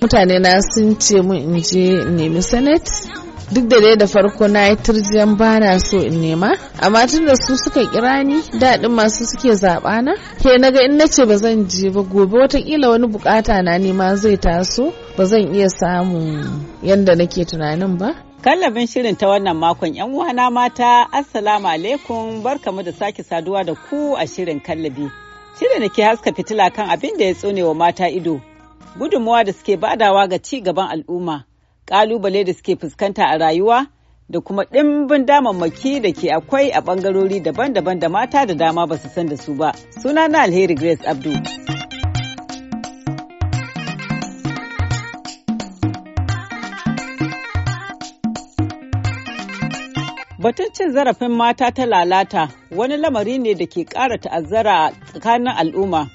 mutane na sun ce mun in je nemi senate duk da dai da farko na yi turjiyan bana so in nema amma tun da su suka kira ni daɗin masu suke zaɓa na ke naga in nace ba zan je ba gobe watakila wani bukata na nema zai taso ba zan iya samun yadda nake tunanin ba Kallabin shirin ta wannan makon ‘yan uwana mata, Assalamu alaikum mu da sake saduwa da ku a shirin kallabi. Shirin da ke haska fitila kan abin da ya tsone wa mata ido, gudunmawa da suke badawa ga ci gaban al'umma, ƙalubale da suke fuskanta a rayuwa, da kuma ɗimbin damammaki da ke akwai a ɓangarori daban-daban da mata da dama ba su san da su ba. Suna na Alheri Grace Abdul. Batun cin zarafin mata ta lalata wani lamari ne da ke ƙara ta'azzara tsakanin al'umma,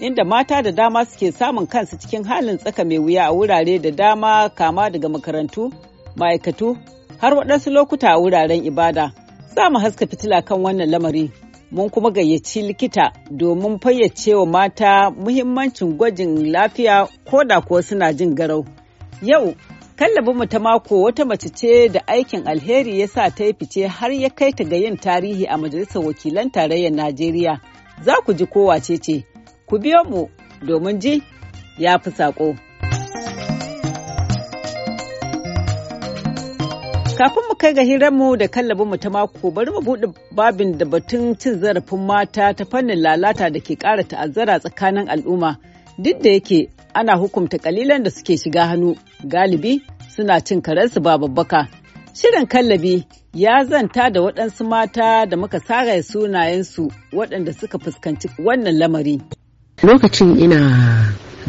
inda mata da dama suke samun kansu cikin halin tsaka mai wuya a wurare da dama kama daga makarantu, ma'aikatu, har waɗansu lokuta a wuraren ibada. Za mu haska fitila kan wannan lamari. Mun kuma gayyaci likita domin fayyace wa mata muhimmancin gwajin lafiya ko da kuwa suna jin garau. Yau kallabin mu ta mako wata mace ce da aikin alheri ya sa ta yi fice har ya kai ta ga yin tarihi a Majalisar Wakilan Tarayyar Najeriya. Za ku ji kowa ce ce, ku biyo mu domin ji ya fi saƙo. Kafin mu kai ga hirar mu da mu ta mako bari mu buɗe babin da batun cin zarafin mata ta fannin lalata da ke ƙara ta'azzara tsakanin al'umma duk da yake ana hukumta kalilan da suke shiga hannu galibi suna cin karensu ba babbaka. Shirin kallabi ya zanta da waɗansu mata da muka sare sunayensu waɗanda suka fuskanci wannan lamari. Lokacin ina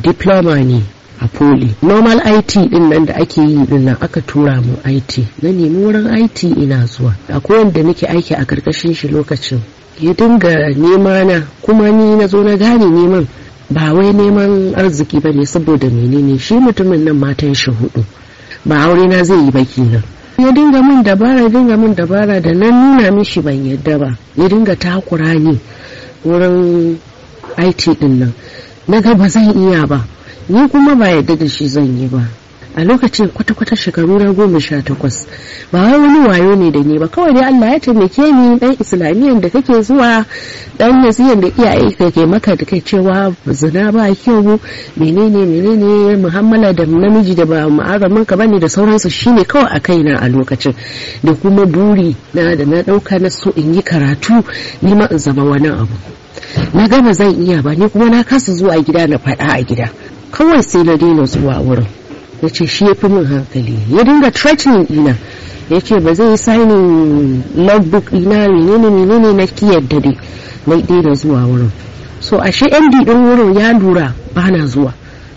diploma ne a poli. Normal IT ɗin nan da ake yi ɗin nan aka tura mu IT. Na nemi wurin IT ina zuwa. Akwai wanda nake aiki a ƙarƙashin shi lokacin. Ya dinga nema na kuma ni na zo na gane neman ba wai neman arziki ba ne saboda menene shi mutumin nan matan shi hudu ba aure na zai yi baki nan ya dinga min dabara ya dinga min dabara da nan nuna mishi ban yadda ba ya dinga takura ne wurin IT din nan na ga ba zan iya ba ni kuma ba yadda da shi zan yi ba a lokacin kwata-kwata shekaru na goma sha takwas ba wai wani wayo ne da ni ba kawai dai Allah ya taimake ni dan islamiyan da kake zuwa dan nasiyar da iyaye ke maka da kai cewa zina ba kyau menene menene muhammala da namiji da ba ma'azamin ka bane da sauransu shine kawai a kaina a lokacin da kuma buri na da na dauka na so in yi karatu ni ma in zama wani abu na gama zan iya ba ni kuma na kasa zuwa gida na faɗa a gida kawai sai na daina zuwa wurin ya ce shi ya fi min hankali ya dinga threatening ina ya ce ba zai signing logbook ina menene menene na kiyarda dai na daina zuwa wurin so ashe md din wurin ya lura ba na zuwa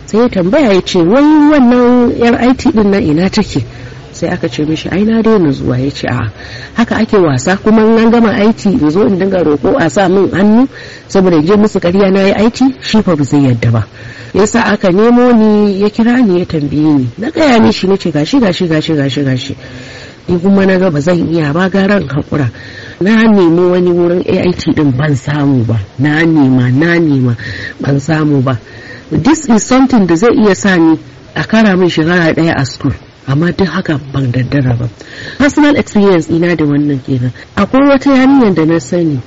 sai ya tambaya ya ce wai wannan yar it din na ina take sai aka ce mishi ai na daina zuwa ya ce a haka ake wasa kuma nan gama aiki in zo in dinga roƙo a sa min hannu saboda je musu ƙarya na yi aiki shi fa ba zai yadda ba yasa aka nemo ni ya kira ni ya tambaye ni na gaya mishi na ce gashi gashi gashi gashi gashi ni kuma na ga ba zan iya ba garan hakura na nemi wani wurin AIT din ban samu ba na nema na nema ban samu ba this is something da zai iya sani a kara min shigara daya a school amma duk haka ban daddara ba personal experience ina da wannan kenan akwai wata yarinyar da na sani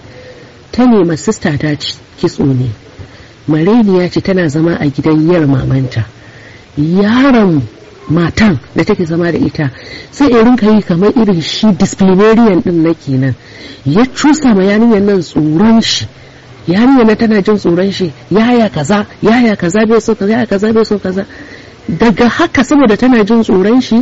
ta nema sista ta kitso ne mareniya ce tana zama a gidan yar mamanta yaron matan da take zama da ita sai irin rinka kamar irin shi disciplinarian din na kenan ya cusa ma yarinyar nan tsoron shi yarinyar tana jin tsoron shi yaya kaza yaya kaza bai so kaza yaya kaza bai so kaza daga haka saboda tana jin tsoron shi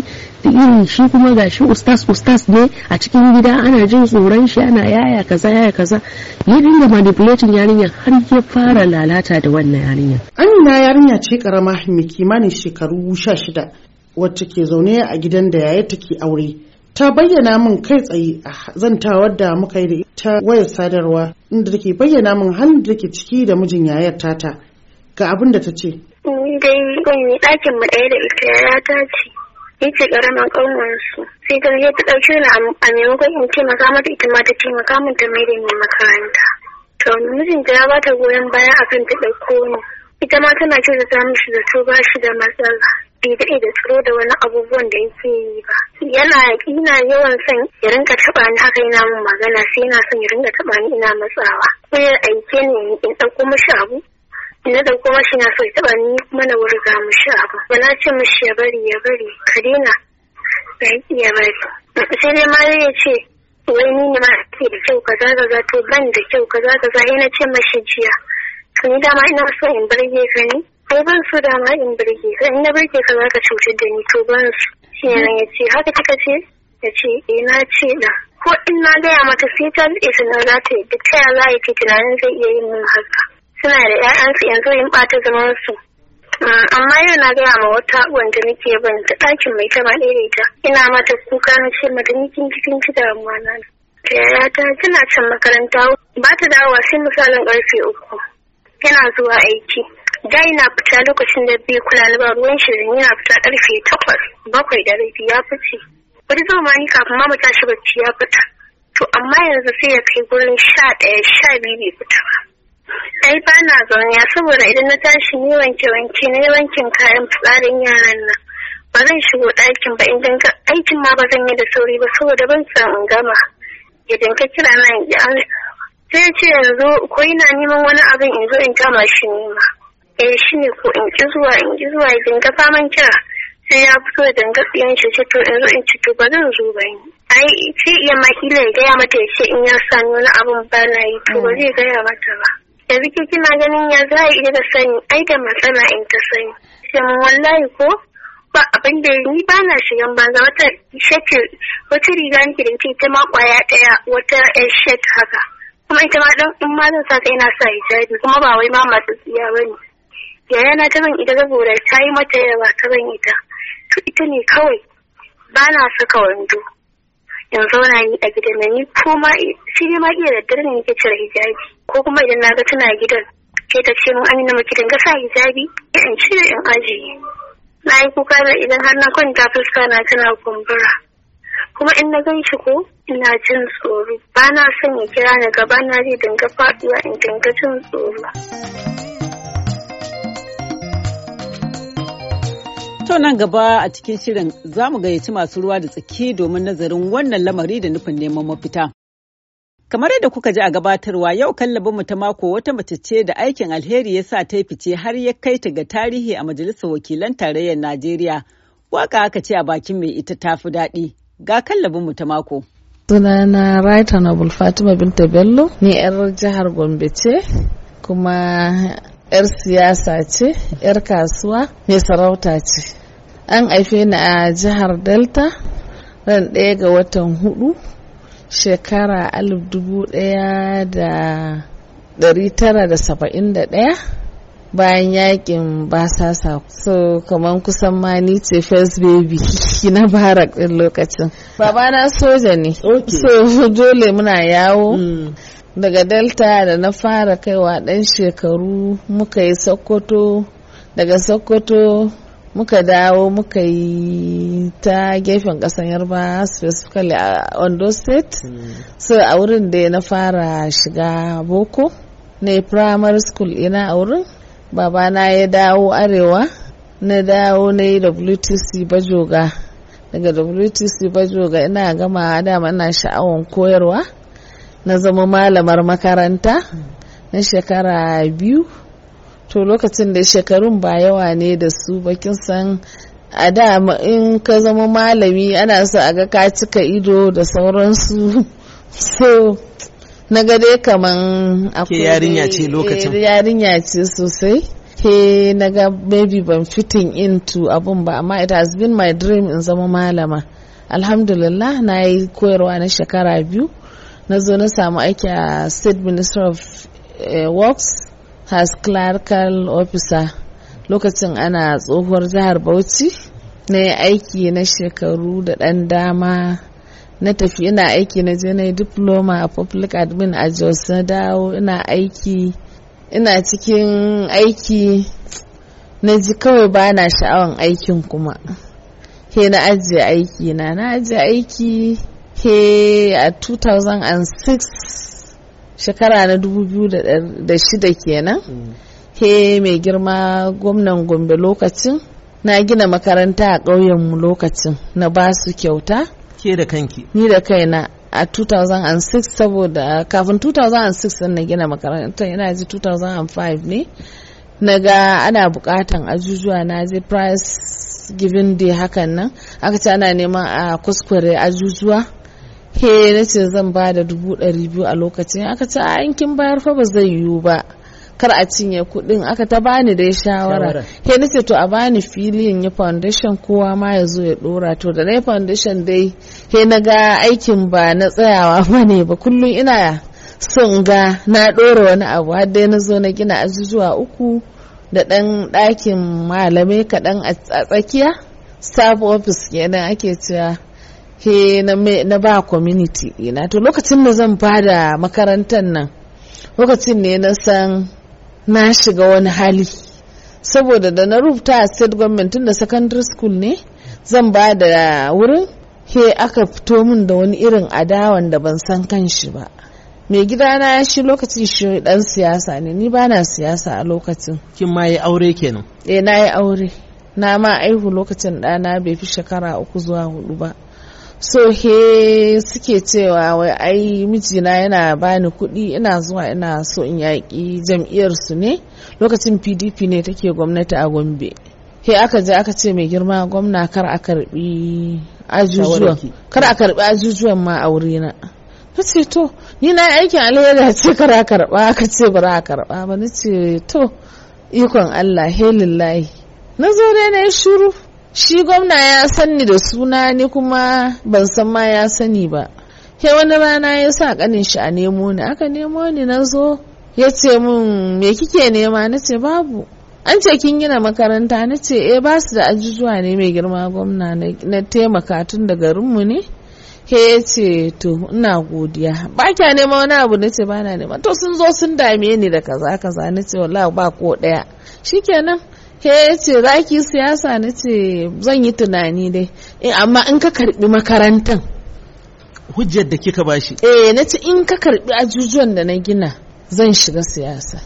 da irin shi kuma ga shi ustas ustas ne a cikin gida ana jin tsoron shi ana yaya kaza yaya kaza ya dinga manipulating yarinya har ya fara lalata da wannan yarinya amina yarinya ce karama mai kimanin shekaru sha shida wacce ke zaune a gidan da yaya take aure ta bayyana min kai tsaye a zantawar da muka yi da ita wayar sadarwa inda take bayyana min halin da take ciki da mijin yayar tata ga abin da ta ce Ni dai ƙanyi ɗakin mu ɗaya da ita ya ta ce. Ni ce ƙaramin ƙanwarsu. Sai ta je ta ɗauke ni a maimakon in taimaka mata ita ma ta taimaka min ta mai da ni makaranta. To mijinta ya bata goyon baya akan ta ɗauko ni. Ita ma tana ce ta mishi da to ba shi da matsala. Bai daɗe da tsoro da wani abubuwan da yake yi ba. Yana ina yawan son ya rinka taɓa ni haka yana min magana sai yana son ya rinka taɓa ni ina matsawa. Ko ya aike ni in ɗauko mashi abu na da kuma shi na so taba ni wuri ga mu shi abu ba na ce shi ya bari ya bari ka daina ya ya bari sai dai ma ya ce wai ni ne ma ke da kyau kaza kaza to ban da kyau kaza kaza na ce mashi jiya to ni dama ina so in birge ka ne ai ban so dama in birge ka in na birge ka za ka cutar da ni to ban so shi ya ce haka kika ce ya ce eh na ce da ko in na gaya mata sai ta daɗe sanar za ta yi duk ta yaya za a yi tunanin zai iya yin mun haka suna da 'ya'yansu yanzu in ɓata zaman su mm, amma yau na gaya ma wata wanda nake ban ta ɗakin mai kama ɗaya ina mata kuka na ce mata ni kin kin da amma na yaya ta tana can makaranta ba ta dawowa sai misalin ƙarfe uku yana zuwa aiki da yana fita lokacin da bai kula ni ba ruwan shirin yana fita ƙarfe takwas bakwai da rabi ya fice wani zama ni kafin ma mu tashi bacci ya fita to amma yanzu sai ya kai gurin sha ɗaya sha biyu bai fita ba ai ba na zaune saboda idan na tashi ni wanke wanke ni wankin kayan tsarin yaran nan ba zan shigo ɗakin ba idan ka aikin ma ba zan yi da sauri ba saboda ban san in gama idan ka kira na in sai ce yanzu ko ina neman wani abin in zo in kama shi nema eh shi ne ko in ki zuwa in ki zuwa idan ka faman kira sai ya fito da dangatsiyan shi ce to in zo in ci to ba zan zo ba ni ai sai iya ma kila ya gaya mata ya ce in ya sami wani abin ba na yi to ba zai gaya mata ba yanzu ke kina ganin ya za iya da sani ai da matsala in ta sani shin wallahi ko ba abin da ni ba na shigan banza wata shafi wata riga nake da ita ma kwaya daya wata shet haka kuma ita ma dan in ma zan sa ta ina sa hijabi kuma ba wai ma masu tsiya bane yaya na ta zan ita saboda ta yi mata yawa ta zan ita to ita ne kawai ba na saka wando in zauna ni a gidan ni ko ma ma iya daddare ne nake cire hijabi ko kuma idan na ga tana gidan sai ta ce mun amina maki dinga sa hijabi in cire in aji na yi kuka da idan har na kwanta fuska na tana kumbura kuma in na gan shi ko ina jin tsoro ba na son ya kira ni gaba na zai dinga faduwa in dinga jin tsoro To nan gaba a cikin shirin zamu gayyaci masu ruwa da tsaki domin nazarin wannan lamari da nufin neman mafita. Kamar yadda kuka ji a gabatarwa yau kallabinmu ta mako wata mace ce da aikin alheri ya sa ta fice har ya kai ta ga tarihi a Majalisar Wakilan Tarayyar Najeriya. Waka aka ce a bakin mai ita ta fi daɗi. Ga kallabinmu ta mako. Sunana Right Honorable Fatima Binta Bello, ni 'yar jihar Gombe ce, kuma 'yar siyasa ce, 'yar kasuwa, mai sarauta ce. An haife ni a jihar Delta, ran ɗaya ga watan hudu shekara 1971 bayan yakin basasa so kaman kusan ma ni ce first baby na barak din lokacin babana soja ne so dole muna yawo mm. daga delta da na fara kaiwa dan shekaru muka yi sokoto daga sokoto muka dawo muka yi ta gefen kasan yarba specifically a ondo state mm. so a wurin da na fara shiga boko na primary school ina a wurin babana ya dawo arewa na dawo na yi wtc bajoga daga wtc bajoga ina gama dama ina sha'awan koyarwa na zama malamar makaranta mm. na shekara biyu to lokacin da shekarun ba yawa ne da su bakin san a da in ka zama malami ana so a ga ka cika ido da sauransu so na ga dai kaman akwai yarinya ce lokacin eh, yarinya ce sosai ke na ga maybe ban fitting into abun ba amma it has been my dream in zama malama alhamdulillah na yi koyarwa na shekara biyu na zo na samu aiki a state minister of eh, works has clerical officer lokacin ana tsohuwar jihar bauchi na yi aiki na shekaru da ɗan dama na tafi ina aiki na je na diploma a public admin a jos na dawo ina aiki ina cikin aiki na ji kawai ba na sha'awan aikin kuma he na ajiye aiki na na ajiye aiki he a 2006 shekara na shida kenan mm. he mai girma gwamnan gombe lokacin na gina makaranta a ƙauyenmu lokacin na ba su kyauta ke da kanki ni da kaina a 2006 saboda kafin 2006 na gina makaranta yana ji 2005 ne na ga ana bukatan ajujuwa na je price giving day hakan nan aka ce ana neman a kuskure ajujuwa he na ce zan ba da dubu ɗari biyu a lokacin aka ce a kin bayar fa ba zai yiwu ba kar a cinye kuɗin aka ta bani dai shawara he na ce to a bani filin ya foundation kowa ma ya zo ya ɗora to da na foundation dai he na ga aikin ba na tsayawa ba ne ba kullum ina son ga na ɗora wani abu har dai na zo na gina azuzuwa uku da ɗan ɗakin malamai kaɗan a tsakiya staff office kenan ake cewa ke na ba community ina to lokacin da zan fada makarantar nan lokacin ne na san na shiga wani hali saboda da na rubuta a state government tun da secondary school ne zan ba da wurin he aka fito min da wani irin adawan da ban san kan shi ba mai ya shi lokacin shi dan siyasa ne ni bana siyasa a lokacin kin ma yi aure kenan eh na yi aure na ma aihu lokacin ɗana bai fi shekara uku zuwa hudu ba so he suke cewa wai ai mijina yana bani kuɗi ina zuwa ina so in yaƙi su ne lokacin pdp ne take gwamnati a gombe he aka je aka ce mai girma gwamna kar a karbi ajujuwan kar a karbi ajujuwan ma a wurina na ce to ni na aikin alheri ce kar a karba aka ce bara a karba ba na ce to ikon Allah he lillahi na zo dai na yi shuru shi gwamna ya sanni da suna ni kuma ban san ma ya sani ba ke wani rana ya sa kanin shi a nemo ni aka nemo ni na zo ya ce min me kike nema na ce babu an ce kin gina makaranta na ce eh ba su da ajujuwa ne mai girma gwamna na taimaka tun da garinmu ne ke ya ce to ina godiya ba kya nema wani abu na ce ba na nema to sun zo sun dame ni da kaza kaza na ce wallahi ba ko daya shikenan he ya ce za ki siyasa na ce zan yi tunani dai eh, amma in ka karbi makarantan hujjar da kika bashi eh na ce in ka karbi ajujuwan da na gina zan shiga siyasa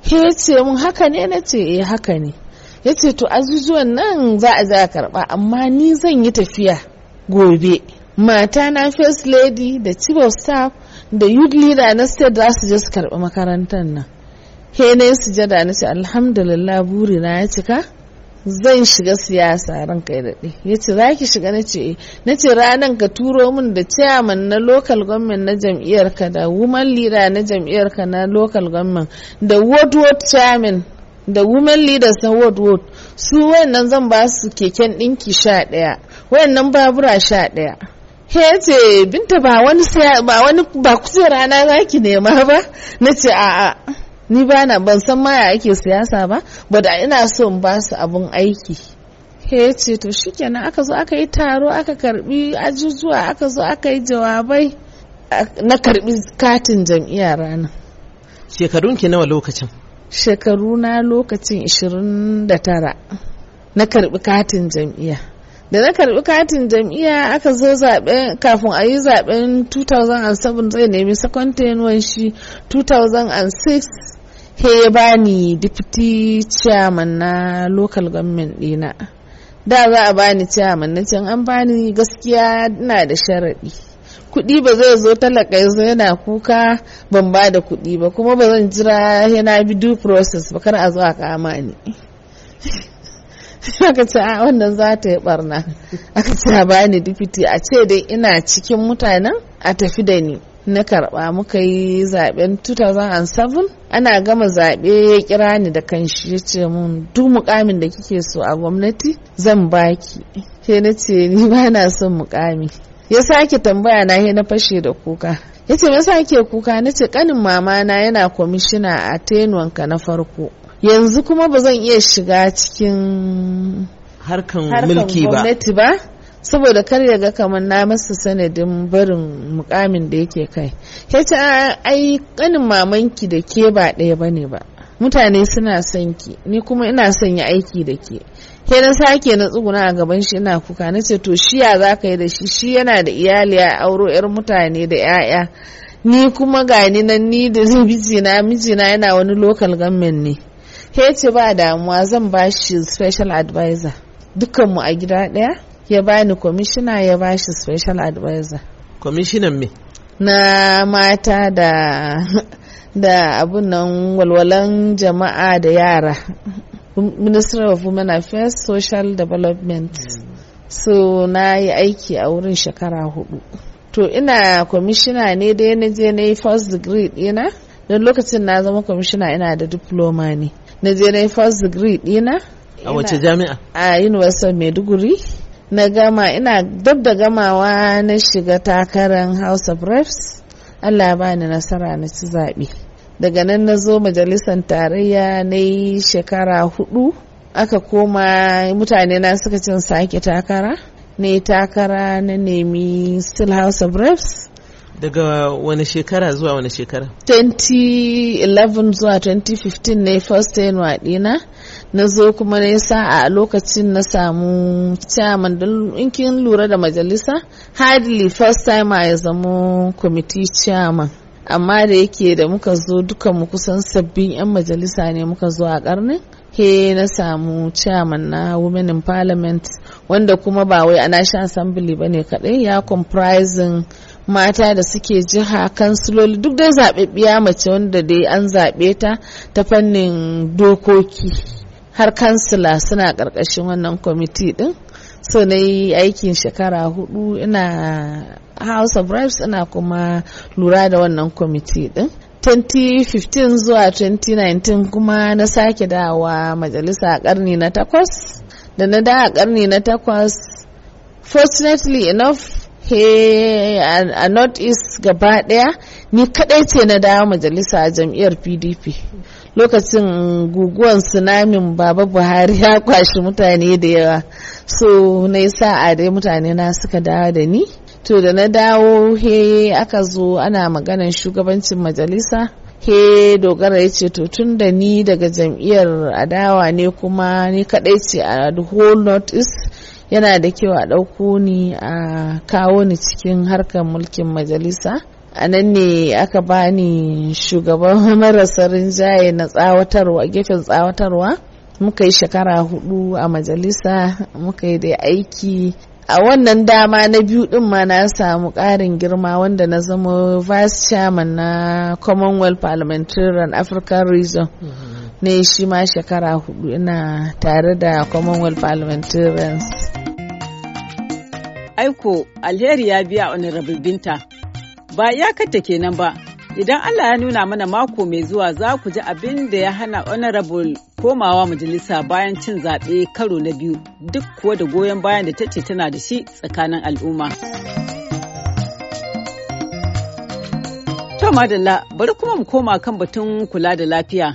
he ya ce mun haka ne na ce eh haka ne ya ce to ajujuwan nan za a za karba amma ni zan yi tafiya gobe mata na first lady da chief of staff da youth leader na state za su je su karbi makarantan nan he na sujada na ce alhamdulillah burina ya cika zan shiga siyasa ran kai daɗe ya ce za ki shiga na ce eh. na ce ranar ka turo min da chairman na local government na jam'iyyar ka da woman leader na jam'iyyar ka na local government da ward ward chairman da woman leaders na ward ward su wayannan zan ba su keken ɗinki sha ɗaya wayannan babura sha ɗaya he ce binta ba wani ba wani ba kusa rana za ki nema ba na ce a'a ni ba na ban san ya ake siyasa ba but ina so in ba su abun aiki he ce to shikenan aka zo aka yi taro aka karbi ajujuwa aka zo aka yi jawabai na karbi katin jam'iyya rana shekarun ki nawa lokacin shekaru na lokacin 29 na karbi katin jam'iyya da na karbi katin jam'iyya aka zo zaɓe kafin a yi zaɓen 2007 zai nemi second shi 2006 he ya bani deputy chairman na local government dina da za a bani chairman na can an bani gaskiya ina da sharaɗi kuɗi ba zai zo talaka yanzu yana kuka ban ba da kuɗi ba kuma ba zan jira yana bi due process ba kar a zo a kama ni aka ce a wannan za ta yi barna aka ce a bani deputy a ce dai ina cikin mutanen a tafi da ni na karba muka yi zaben 2007 ana gama zaɓe ya kira ni da kanshi ya ce mun duk mukamin da kike so a gwamnati zan baki ke na ce ni ba na son mukami ya sake tambaya na na fashe da kuka ya ce me sake kuka na ce kanin mama na yana kwamishina a tenuwanka na farko yanzu kuma ba zan iya shiga cikin harkan mulki ba saboda kar ya ga kamar na masa sanadin barin mukamin da yake kai ta ai kanin mamanki da ke ba ɗaya bane ba mutane suna son ki ni kuma ina son yi aiki da ke ke na sake na tsuguna a gaban shi ina kuka na ce to shi ya za ka yi da shi shi yana da iyali ya auro yar mutane da 'ya'ya ni kuma gani nan ni da mijina mijina yana wani lokal government ne ke ce ba damuwa zan ba shi special advisor dukkanmu a gida ɗaya ya bani kwamishina ya bashi special advisor kwamishinan me na mata da da abun nan walwalan jama'a da yara minister of women affairs social development hmm. so na yi aiki a wurin shekara hudu to ina kwamishina ne da na je na yi first degree dina don lokacin na zama kwamishina ina da diploma ne na je na yi first degree dina a wace jami'a a university of maiduguri na gama ina dab da gamawa na shiga takarar house of reps allah ba ni nasara na ci zaɓe daga nan na zo majalisar tarayya na yi shekara hudu aka koma mutane na suka cin sake takara yi takara na nemi still house of reps daga wani shekara zuwa wani shekara 2011 zuwa 2015 ne first tenure na zo kuma na sa'a a lokacin na samu chairman don in lura da majalisa hardly first time a ya zama committee chairman amma da yake da muka zo duka mu kusan sabbin 'yan majalisa ne muka zo a karnin he na samu chairman na women in parliament wanda kuma ba wai a national assembly ba ne kadai ya comprising mata da suke jiha kansiloli duk dai zaɓe biya mace wanda dai an zaɓe ta ta fannin dokoki har kansila suna ƙarƙashin wannan kwamiti ɗin so na yi aikin shekara hudu ina house of reps ina kuma lura da wannan kwamiti ɗin 2015 zuwa 2019 kuma na sake dawa majalisa a karni na takwas da na da a karni na takwas fortunately enough he a northeast gaba daya ni kadai ce na dawa majalisa a jam'iyyar pdp lokacin guguwan tsunamin baba buhari ya kwashi mutane da yawa so na yi sa'a dai mutane na suka dawo da ni to da na dawo he aka zo ana maganan shugabancin majalisa he dogara ya ce to tun da ni daga jam'iyyar adawa ne kuma ni kadai ce a the whole north east yana da kyau a ɗauko ni a kawo ni cikin harkar mulkin majalisa a nan ne aka bani shugaban marasa rinjaye na tsawatarwa gefen tsawatarwa muka yi shekara hudu a majalisa muka yi da aiki a wannan dama na biyu din ma na samu ƙarin girma wanda na zama vice chairman na commonwealth parliamentarian african region mm-hmm. ne shi ma shekara hudu ina tare da commonwealth parliamentarians aiko alheri ya biya honorable binta Ba iyakarta kenan ba, idan Allah ya nuna mana mako mai zuwa za ku ji abin da ya hana honorable komawa majalisa bayan cin zaɓe karo na biyu duk kuwa da goyon bayan da ta ce tana da shi tsakanin al'umma. da La bari kuma mu koma kan batun kula da lafiya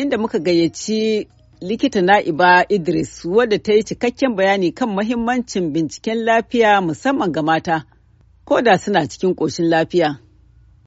inda muka gayyaci likita na'iba Idris wadda ta yi cikakken bayani kan mahimmancin binciken lafiya musamman ga mata. ko da suna cikin ƙoshin lafiya.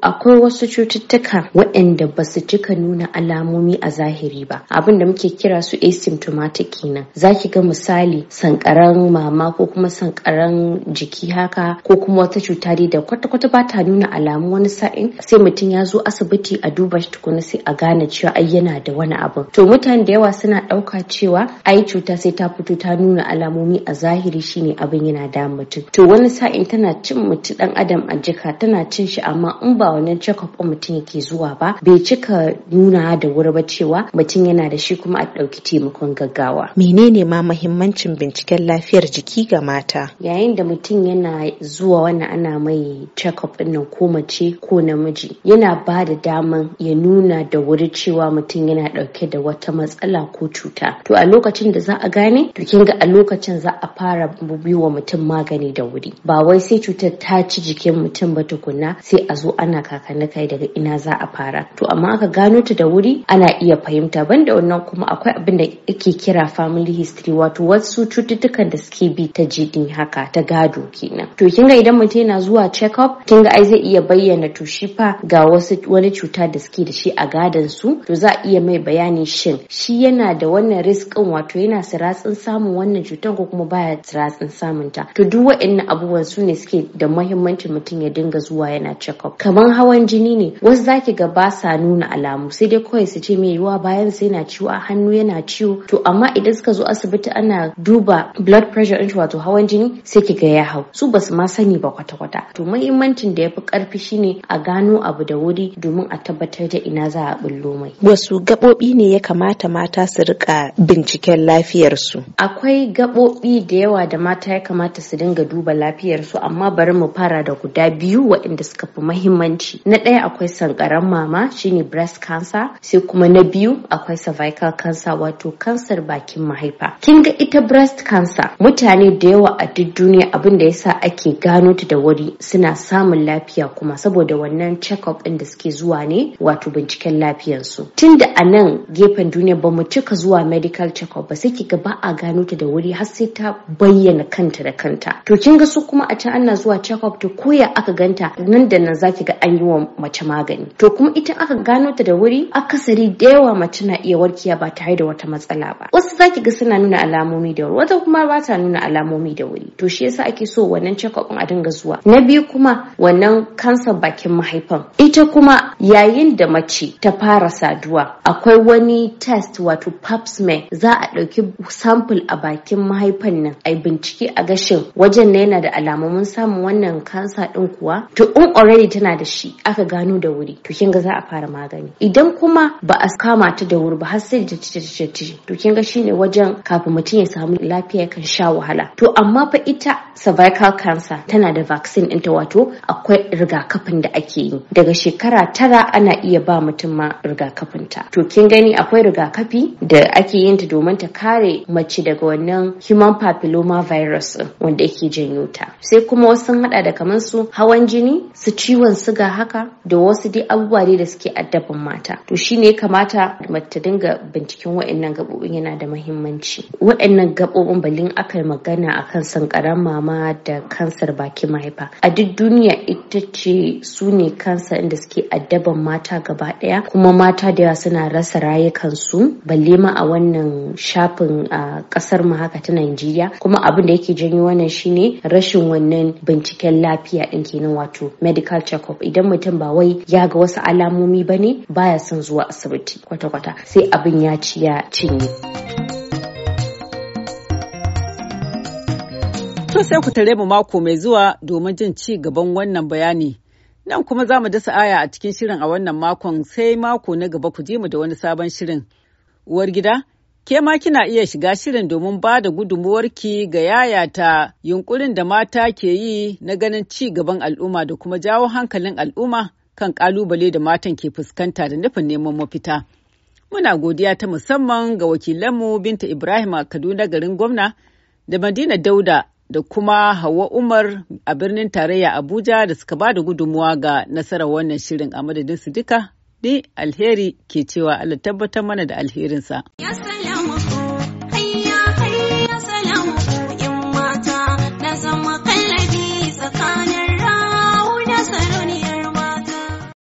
akwai wasu cututtuka waɗanda ba su cika nuna alamomi a zahiri ba abin da muke kira su asymptomatic kenan za ki ga misali sankaran mama ko kuma sankaran jiki haka ko kuma wata cuta dai da kwata-kwata ba ta nuna alamu wani sa'in sai mutum ya zo asibiti a duba shi tukuna sai a gane cewa ai yana da wani abu to mutane da yawa suna ɗauka cewa ai cuta sai ta fito ta nuna alamomi a zahiri shine abin yana da mutum to wani sa'in tana cin mutum ɗan adam a jika tana cin shi amma in ba ba wannan check up mutum yake zuwa ba bai cika nuna da wuri ba cewa mutum yana da shi kuma a ɗauki taimakon gaggawa menene ma mahimmancin binciken lafiyar jiki ga mata yayin da mutum yana zuwa wannan ana mai check up ɗin ko mace ko namiji yana ba da daman ya nuna da wuri cewa mutum yana ɗauke da wata matsala ko cuta to a lokacin da za a gane to kin ga a lokacin za a fara wa mutum magani da wuri ba wai sai cutar ta ci jikin mutum ba tukunna sai a zo ana ana kakanni kai daga ina za a fara to amma aka gano ta da wuri ana iya fahimta banda wannan kuma akwai abin da ake kira family history wato wasu cututtukan da suke bi ta jini haka ta gado kenan to kin ga idan mutum yana zuwa check up kin ga ai zai iya bayyana to shi fa ga wasu wani cuta da suke da shi a gadon su to za a iya mai bayani shin shi yana da wannan risk wato yana siratsin samun wannan cutar ko kuma baya siratsin samun ta to duk waɗannan abubuwan su ne suke da muhimmancin mutum ya dinga zuwa yana check up kamar kaman hawan jini ne wasu za ki ga ba sa nuna alamu sai dai kawai su ce mai yiwuwa bayan sai na ciwo a hannu yana ciwo to amma idan suka zo asibiti ana duba blood pressure din wato hawan jini sai ki ga ya hau su basu ma sani ba kwata-kwata to muhimmancin da ya fi karfi shine a gano abu da wuri domin a tabbatar da ina za a bullo mai wasu gabobi ne ya kamata mata su rika binciken lafiyarsu akwai gabobi da yawa da mata ya kamata su dinga duba lafiyarsu amma bari mu fara da guda biyu waɗanda suka fi muhimmanci muhimmanci na ɗaya akwai sankaran mama shine breast cancer sai kuma na biyu akwai cervical cancer wato kansar bakin mahaifa kin ga ita breast cancer mutane da yawa a duk duniya abin da yasa ake gano ta da wuri suna samun lafiya kuma saboda wannan check up ɗin da suke zuwa ne wato binciken lafiyarsu tunda a nan gefen duniya ba mu cika zuwa medical check up ba sai ga ba a gano ta da wuri har sai ta bayyana kanta da kanta to kin ga su kuma a can ana zuwa check up to koya aka ganta nan da nan zaki ga an yi wa mace magani to kuma ita aka gano ta da wuri akasari da yawa mace na iya warkiya ba tare da wata matsala ba wasu zaki ga suna nuna alamomi da wuri wata kuma ba ta nuna alamomi da wuri to shi yasa ake so wannan check a dinga zuwa na biyu kuma wannan kansar bakin mahaifan ita kuma yayin da mace ta fara saduwa akwai wani test wato pap smear za a ɗauki sample a bakin mahaifan nan a bincike a gashin wajen na yana da alamomin samun wannan kansa ɗin kuwa to in already tana da shi aka gano da wuri to kin ga za a fara magani idan kuma ba a kama ta da wuri ba har sai da ci to kin ga shine wajen kafin mutum ya samu lafiya kan sha wahala to amma fa ita cervical cancer tana da vaccine ɗinta wato akwai rigakafin da ake yi daga shekara tara ana iya ba mutum ma rigakafin ta to kin gani akwai rigakafi da ake yin ta domin ta kare mace daga wannan human papilloma virus wanda yake janyo ta sai kuma wasu hada da kamar su hawan jini su ciwon suga olsa haka da wasu dai abubuwa dai da suke addabin mata to shine ya kamata mata dinga binciken wa'annan gabobin yana da mahimmanci. wa'annan gabobin balin aka magana akan sankaran mama da kansar bakin mahaifa a duk duniya ita ce su ne kansa inda suke addaban mata gaba daya kuma mata da yawa suna rasa rayukansu balle ma a wannan shafin a kasar mu haka ta Najeriya kuma abin da yake janyo wannan shine rashin wannan binciken lafiya din kenan wato medical check-up idan mutum ba wai ya ga wasu alamomi bane baya son zuwa asibiti kwata-kwata sai abin ya ci ya cinye. To sai ku tare mu mako mai zuwa domin jin ci gaban wannan bayani. Nan kuma za mu dasa aya a cikin shirin a wannan makon sai mako na gaba ku je mu da wani sabon shirin. Uwar gida, ke ma kina iya shiga shirin domin ba da gudunmuwarki ga yayata yunkurin da mata ke yi na ganin ci gaban al'umma da kuma jawo hankalin al'umma kan kalubale da matan ke fuskanta da nufin neman mafita. Muna godiya ta musamman ga wakilanmu Binta Ibrahim a Kaduna garin gwamna da Madina Dauda da kuma Hauwa Umar a birnin tarayya Abuja da suka ba da gudunmuwa ga nasarar wannan shirin a madadin su duka, ni alheri ke cewa Allah tabbatar mana da alherinsa. Yes,